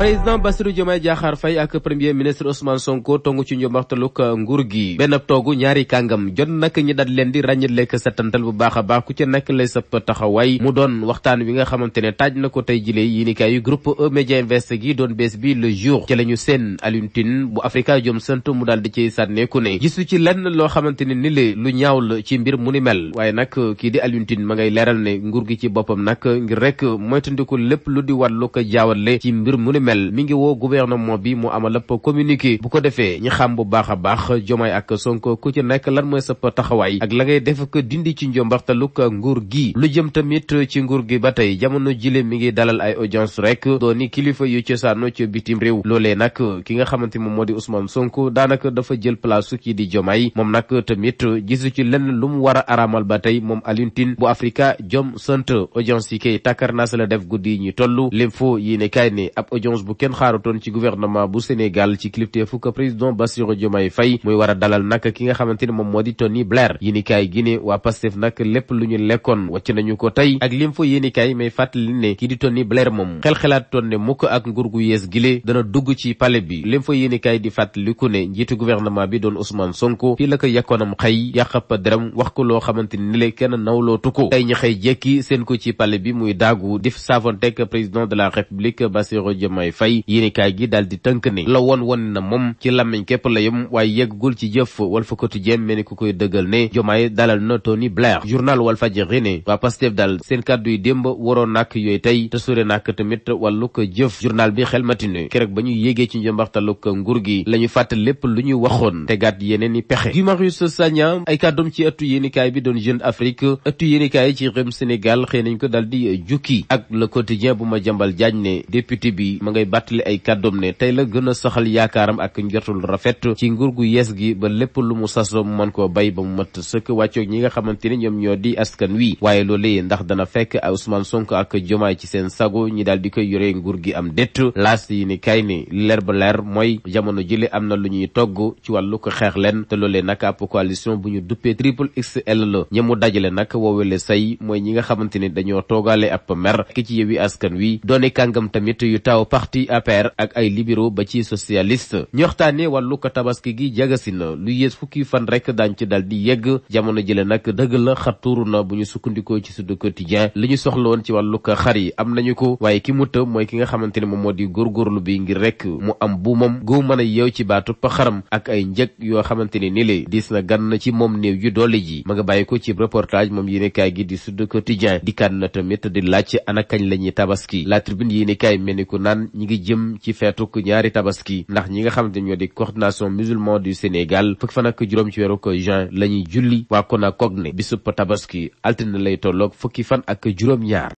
président Bassirou Diomaye Diakhar Faye ak premier ministre Ousmane Sonko tongu ci njombaxtaluk nguur gi benn toogu ñaari kàngam jot nak ñi daat leen di sa setantal bu baax a baax ku ci nekk lay sab taxawaay mu doon waxtaan wi nga xamante ne taaj na ko tey jile yéenekaay yu groupe E-Media Invest gi doon bés bi le jour ci lañu seen Alioune bu bu Afrikajom sant mu daal di ciy sànneeku ne gisu ci lenn loo xamante ne ni le lu ñaaw la ci mbir mu ni mel waaye nag kii di Alioune ma ngay leeral ne nguur gi ci boppam nag ngir rek moytandiku lépp lu di wàllu ko mel mi ngi woo gouvernement bi mu amal ab communiqué bu ko defee ñu xam bu baax a baax Jomaay ak Sonko ku ci nekk lan mooy sa taxawaay ak la ngay def ko dindi ci njombaxtaluk nguur gi lu jëm tamit ci nguur gi ba tey jamono jile mi ngi dalal ay audience rek dooni kilifa yu cosaano ci bitim réew loolee nag ki nga xamante moom moo di Ousmane Sonko daanaka dafa jël place kii di Jomaay moom nag tamit gisu ci lenn lu mu a araamal ba tey moom Alioune Tine la def guddi yi ñu toll l'info yi ne kaay pause bu kenn xaarutoon ci gouvernement bu Sénégal ci kilifteefu ko président Bassirou Diomaye Faye muy war a dalal nag ki nga xamante moom moo di Tony Blair yéenikaay gi ne waa Pastef nag lépp lu lekkoon wàcc nañu ko tey ak lim fa yéenikaay may fàttali ne kii di Tony Blair moom xel-xelaatoon ne mukk ak nguur gu yees gile dana dugg ci palais bi lim fa yéenikaay di fàttaliku ne njiitu gouvernement bi doon Ousmane Sonko fii la ko yàkkoonam xëy yàqapa deram wax ko Diomaye Faye yéenekaay gi daal di tënk ne la woon woon na moom ci làmmiñ képp la yem waaye yeggul ci jëf Walf Quotidien mel ni ku koy dëggal ne Diomaye dalal na Tony Blair journal Walfadjri ne waa Pastef daal seen kàddu démb waroon nak yooyu tey te sore nak tamit wàllu ko jëf journal bi xel matine keroog ba ñu yégee ci njombaxtalu ko nguur gi la ñu lépp lu ñu waxoon tegaat yeneen i pexe Guy Marius Sagna ay kàddoom ci ëttu yéenekaay bi doon Jeune Afrique ëttu yéenekaay ngay bàttali ay kàddoom ne tey la gën a saxal yaakaaram ak njortul rafet ci nguur gu yees gi ba lépp lu mu sasoo mën koo bay ba mu mat sëkk wàccoog ñi nga xamante ne ñoom ñoo di askan wi waaye loolee ndax dana fekk Ousmane Sonko ak Jomaay ci seen sago ñi daal di koy yore nguur gi am détt laas yi ni kay ni leer ba leer mooy jamono jile am na lu ñuy togg ci wàllu ko xeex leen te loolee nag ab coalition bu ñu duppee triple XL la ñi dajale nag woowele say mooy ñi nga xamante ne dañoo toogaale ab mer ki parti APR ak ay libéraux ba ci socialiste ñu waxtaane wàllu ko tabaski gi jagasi na lu yées fukki fan rek daañ ci dal di yegg jamono jële nag dëgg la xattuuru na bu ñu sukkandikoo ci Sud Quotidien li ñu soxla woon ci wàllu ko xar yi am nañu ko waaye ki mu të mooy ki nga xamante ne moom moo di góorgóorlu bi ngir rek mu am buumam gu mën a yeew ci baatu pa xaram ak ay njëg yoo xamante ne ni le diis na gan na ci moom néew yu doole ji ma nga bàyyi ko ci reportage moom yéenekaay gi di Sud Quotidien dikkaat na tamit di laaj ana kañ la ñuy tabaski la tribune yéenekaay mel ni ñi ngi jëm ci feetuk ñaari tabaski ndax ñi nga xamante ñoo di coordination musulman du Sénégal fukki fan ak juróom ci weeru ko juin la ñuy julli waa Konakogne bisub tabaski altine lay tolloog fukki fan ak juróom-ñaar